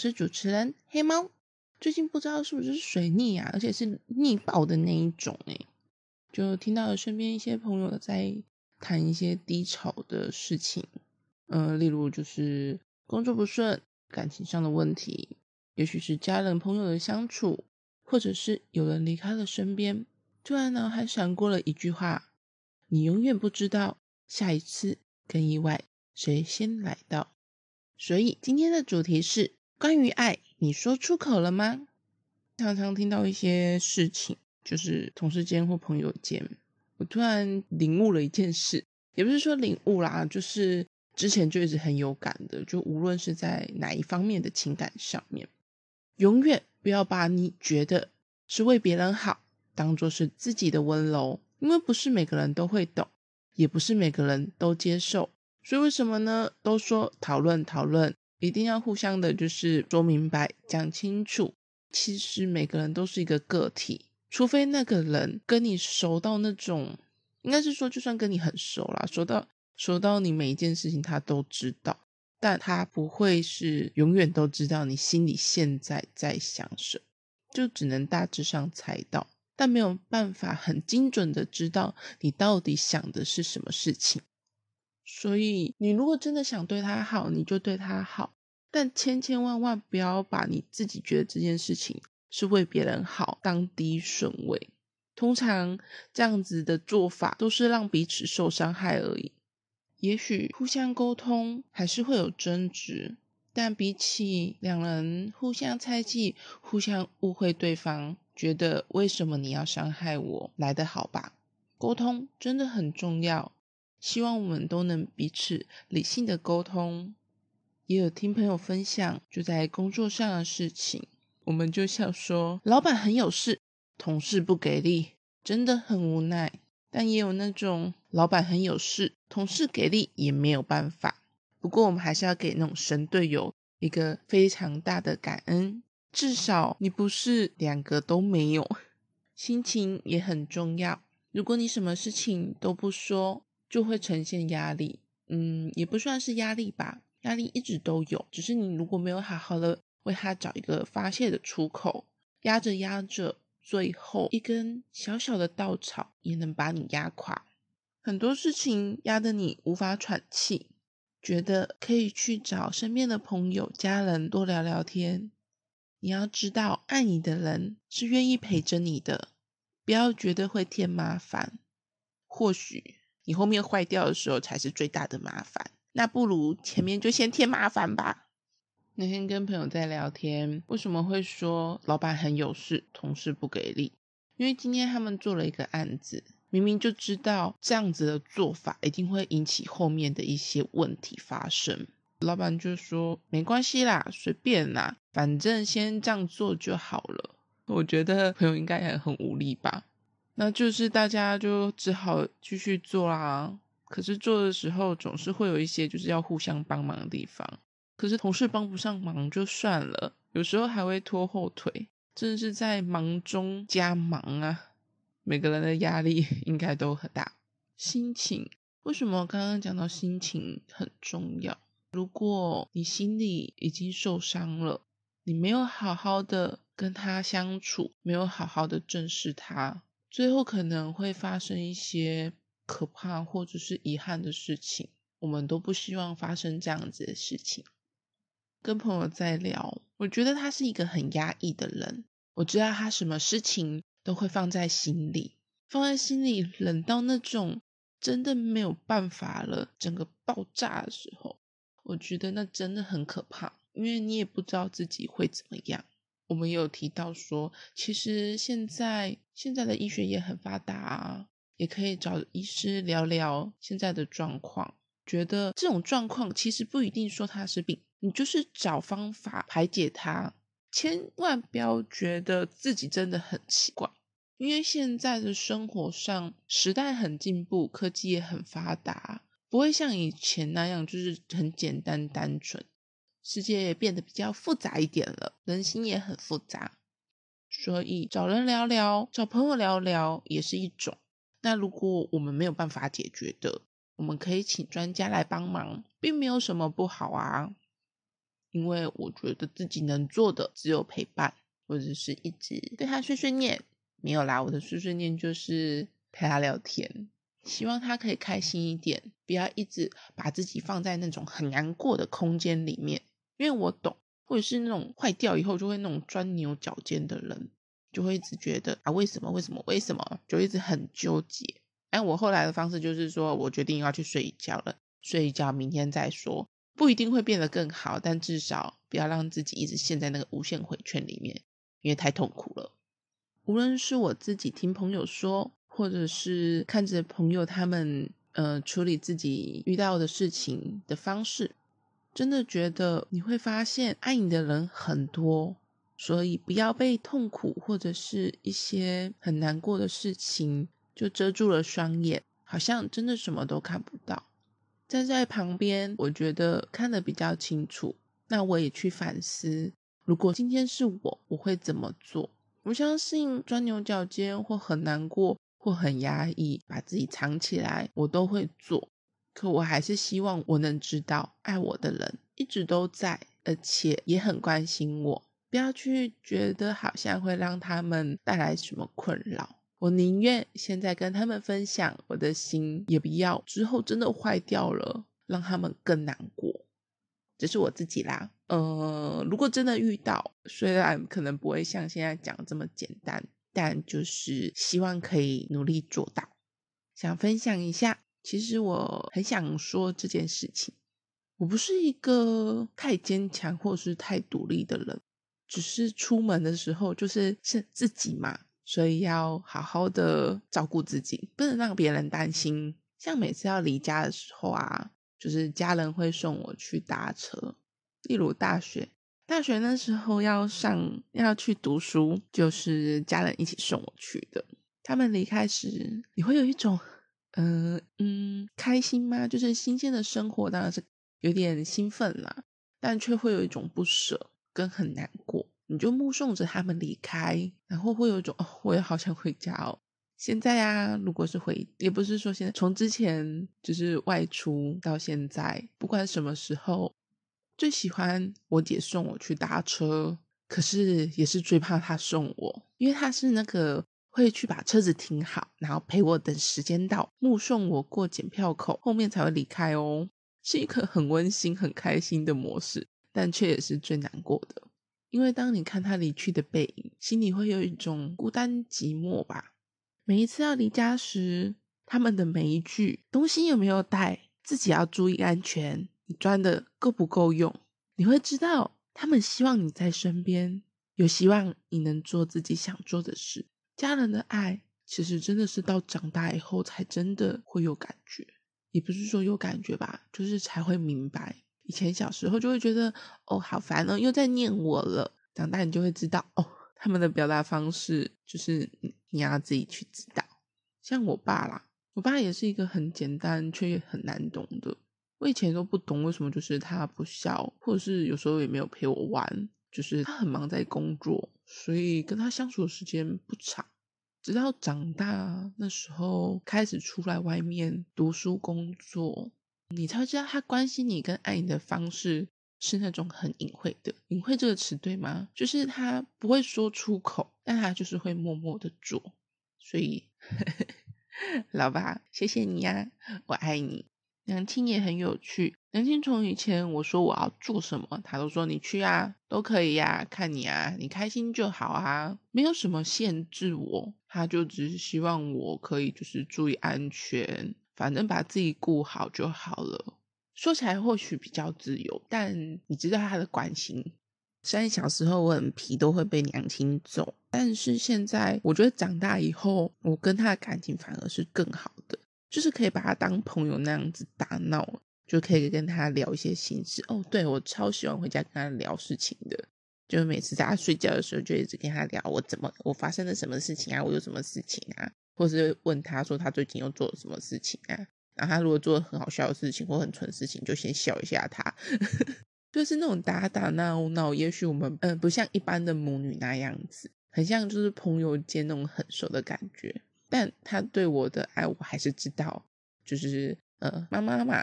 是主持人黑貓。最近不知道是不是水逆啊，而且是逆爆的那一種哎，就聽到了身邊一些朋友在談一些低潮的事情，呃，例如就是工作不順、感情上的問題，也許是家人朋友的相處，或者是有人離開了身邊。突然腦海閃過了一句話：“你永遠不知道下一次跟意外誰先來到。”所以今天的主題是。關於愛，你說出口了嗎？常常聽到一些事情，就是同事間或朋友間，我突然領悟了一件事，也不是說領悟啦，就是之前就一直很有感的，就無論是在哪一方面的情感上面，永遠不要把你覺得是為別人好當做是自己的溫柔，因為不是每個人都會懂，也不是每個人都接受，所以為什麼呢？都說討論討論。討論一定要互相的，就是說明白、講清楚。其實每個人都是一個個體，除非那個人跟你熟到那種，應該是說，就算跟你很熟啦，熟到熟到你每一件事情他都知道，但他不會是永遠都知道你心裡現在在想什麼，就只能大致上猜到，但沒有辦法很精準的知道你到底想的是什麼事情。所以，你如果真的想對他好，你就對他好。但千千萬萬不要把你自己覺得這件事情是為別人好當第一順位。通常這樣子的做法都是讓彼此受傷害而已。也許互相溝通還是會有爭執，但比起兩人互相猜忌、互相誤會對方，覺得為什麼你要傷害我，來得好吧？溝通真的很重要。希望我們都能彼此理性的溝通，也有聽朋友分享，就在工作上的事情，我們就笑說，老闆很有事，同事不給力，真的很無奈。但也有那種老闆很有事，同事給力，也沒有辦法。不過我們還是要給那種神隊友一個非常大的感恩，至少你不是兩個都沒有。心情也很重要，如果你什麼事情都不說。就會呈現壓力，嗯，也不算是壓力吧，壓力一直都有，只是你如果沒有好好的為他找一個發洩的出口，壓着壓着，最後一根小小的稻草也能把你壓垮，很多事情壓得你無法喘氣，覺得可以去找身邊的朋友、家人多聊聊天，你要知道，愛你的人是願意陪着你的，不要覺得會添麻煩，或許。你後面壞掉的時候才是最大的麻煩，那不如前面就先添麻煩吧。那天跟朋友在聊天，為什麼會說老闆很有事，同事不給力？因為今天他們做了一個案子，明明就知道這樣子的做法一定會引起後面的一些問題發生，老闆就說沒關係啦，隨便啦，反正先這樣做就好了。我覺得朋友應該也很無力吧。那就是大家就只好繼續做啊。可是做的時候總是會有一些就是要互相幫忙的地方。可是同事幫不上忙就算了，有時候還會拖後腿，真的是在忙中加忙啊。每個人的壓力應該都很大。心情，為什麼我剛剛講到心情很重要？如果你心裡已經受傷了，你沒有好好的跟他相處，沒有好好的正視他。最後可能會發生一些可怕或者是遺憾的事情，我們都不希望發生這樣子的事情。跟朋友在聊，我覺得他是一個很壓抑的人。我知道他什麼事情都會放在心裡，放在心裡忍到那種真的沒有辦法了，整個爆炸的時候，我覺得那真的很可怕，因為你也不知道自己會怎麼樣。我們也有提到說，其實現在現在的醫學也很發達啊，也可以找醫師聊聊現在的狀況。覺得這種狀況其實不一定說它是病，你就是找方法排解它。千萬不要覺得自己真的很奇怪，因為現在的生活上時代很進步，科技也很發達，不會像以前那樣就是很簡單單純。世界也變得比較複雜一點了，人心也很複雜，所以找人聊聊，找朋友聊聊也是一種。那如果我們沒有辦法解決的，我們可以請專家來幫忙，並沒有什麼不好啊。因為我覺得自己能做的只有陪伴，或者是一直對他碎碎念。沒有啦，我的碎碎念就是陪他聊天，希望他可以開心一點，不要一直把自己放在那種很難過的空間裡面。因為我懂，或者是那種壞掉以後就會那種鑽牛角尖的人，就會一直覺得啊，為什麼，為什麼，為什麼，就一直很糾結。但、哎、我後來的方式就是說，我決定要去睡一覺了，睡一覺，明天再說，不一定會變得更好，但至少不要讓自己一直陷在那個無限迴圈裡面，因為太痛苦了。無論是我自己聽朋友說，或者是看着朋友他們呃處理自己遇到的事情的方式。真的覺得你會發現愛你的人很多，所以不要被痛苦或者是一些很難過的事情就遮住了雙眼，好像真的什麼都看不到。站在旁邊，我覺得看得比較清楚。那我也去反思，如果今天是我，我會怎麼做？我相信鑽牛角尖或很難過或很壓抑，把自己藏起來，我都會做。可我還是希望我能知道，愛我的人一直都在，而且也很關心我。不要去覺得好像會讓他們帶來什麼困擾。我寧願現在跟他們分享我的心，也不要之後真的壞掉了，讓他們更難過。這是我自己啦。嗯、呃，如果真的遇到，雖然可能不會像現在講這麼簡單，但就是希望可以努力做到。想分享一下。其實我很想說這件事情，我不是一個太堅強或是太獨立的人，只是出門的時候就是是自己嘛，所以要好好的照顧自己，不能讓別人擔心。像每次要離家的時候啊，就是家人會送我去搭車。例如大學，大學那時候要上，要去讀書，就是家人一起送我去的。他們離開時，你會有一種。嗯、呃、嗯，開心嗎？就是新鮮的生活，當然是有點興奮啦，但卻會有一種不捨跟很難過。你就目送着他們離開，然後會有一種哦，我也好想回家哦。現在啊，如果是回，也不是說現在，從之前就是外出到現在，不管什麼時候，最喜歡我姐送我去搭車，可是也是最怕她送我，因為她是那個。會去把車子停好，然後陪我等時間到，目送我過檢票口，後面才會離開哦。是一個很溫馨、很開心的模式，但卻也是最難過的。因為當你看他離去的背影，心裡會有一種孤單寂寞吧。每一次要離家時，他們的每一句“東西有沒有帶？自己要注意安全，你賺得夠不夠用？”你會知道，他們希望你在身邊，有希望你能做自己想做的事。家人的愛其實真的是到長大以後才真的會有感覺，也不是說有感覺吧，就是才會明白。以前小時候就會覺得哦，好煩哦，又在念我了，長大你就會知道哦，他們的表達方式就是你要自己去知道。像我爸啦，我爸也是一個很簡單卻也很難懂的。我以前都不懂為什麼，就是他不笑，或者是有時候也沒有陪我玩，就是他很忙在工作，所以跟他相處的時間不長。直到長大那時候，開始出來外面讀書工作，你才會知道他關心你跟愛你的方式是那種很隱晦的。隱晦這個詞對嗎？就是他不會說出口，但他就是會默默的做。所以， 老爸，謝謝你呀，我愛你。娘親也很有趣。娘親從以前我說我要做什麼，她都說你去啊，都可以呀、啊，看你啊，你開心就好啊，沒有什麼限制我。她就只是希望我可以就是注意安全，反正把自己顧好就好了。說起來或許比較自由，但你知道她的關心。雖然小時候我很皮都會被娘親揍，但是現在我覺得長大以後，我跟她的感情反而是更好的。就是可以把他當朋友那樣子打鬧，就可以跟他聊一些心事。哦，對，我超喜歡回家跟他聊事情的，就每次在他睡覺的時候，就一直跟他聊我怎麼我發生了什麼事情啊，我有什麼事情啊，或是問他說他最近又做了什麼事情啊。然後他如果做了很好笑的事情或很蠢事情，就先笑一下他。 就是那種打打鬧鬧，也許我們嗯、呃、不像一般的母女那樣子，很像就是朋友間那種很熟的感覺。但他對我的愛，我還是知道。就是呃，媽媽嘛，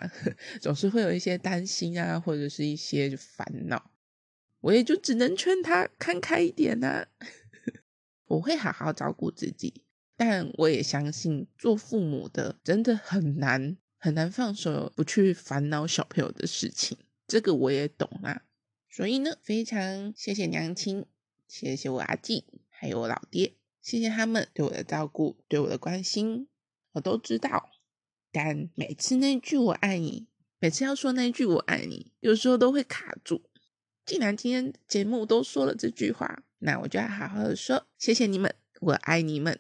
總是會有一些擔心啊，或者是一些煩惱，我也就只能勸他看開一點啦、啊。 我會好好照顧自己，但我也相信做父母的真的很難很難放手，不去煩惱小朋友的事情，這個我也懂啦、啊。所以呢，非常謝謝娘親，謝謝我阿靜，還有我老爹。謝謝他們對我的照顧，對我的關心，我都知道。但每次那句“我愛你”，每次要說那句“我愛你”，有時候都會卡住。既然今天節目都說了這句話，那我就要好好的說謝謝你們，我愛你們。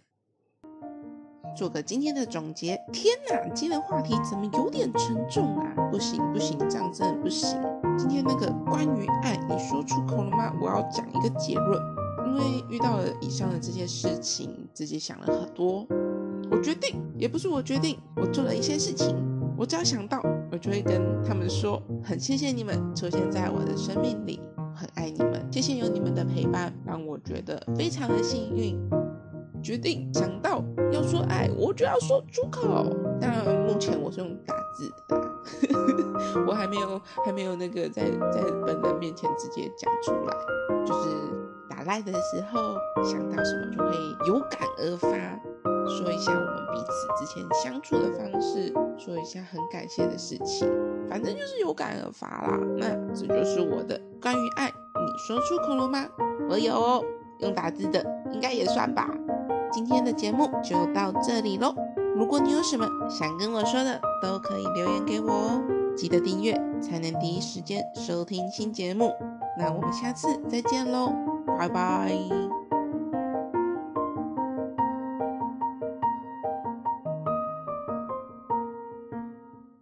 做個今天的總結。天哪，今天的話題怎麼有點沉重啊？不行不行，這樣真的不行。今天那個關於愛，你說出口了嗎？我要講一個結論。因為遇到了以上的這些事情，自己想了很多。我決定，也不是我決定，我做了一些事情。我只要想到，我就會跟他們說，很謝謝你們出現在我的生命裡，很愛你們，謝謝有你們的陪伴，讓我覺得非常的幸運。決定想到要說愛，我就要說出口。當然，目前我是用打字的， 我還沒有還沒有那個在在本人面前直接講出來，就是。打 Line 的時候想到什麼就會有感而發，說一下我們彼此之前相處的方式，說一下很感謝的事情，反正就是有感而發啦。那這就是我的關於愛，你說出口了嗎？我有哦，用打字的應該也算吧。今天的節目就到這裡嘍。如果你有什麼想跟我說的，都可以留言給我哦。記得訂閱才能第一時間收聽新節目。那我們下次再見嘍。拜拜。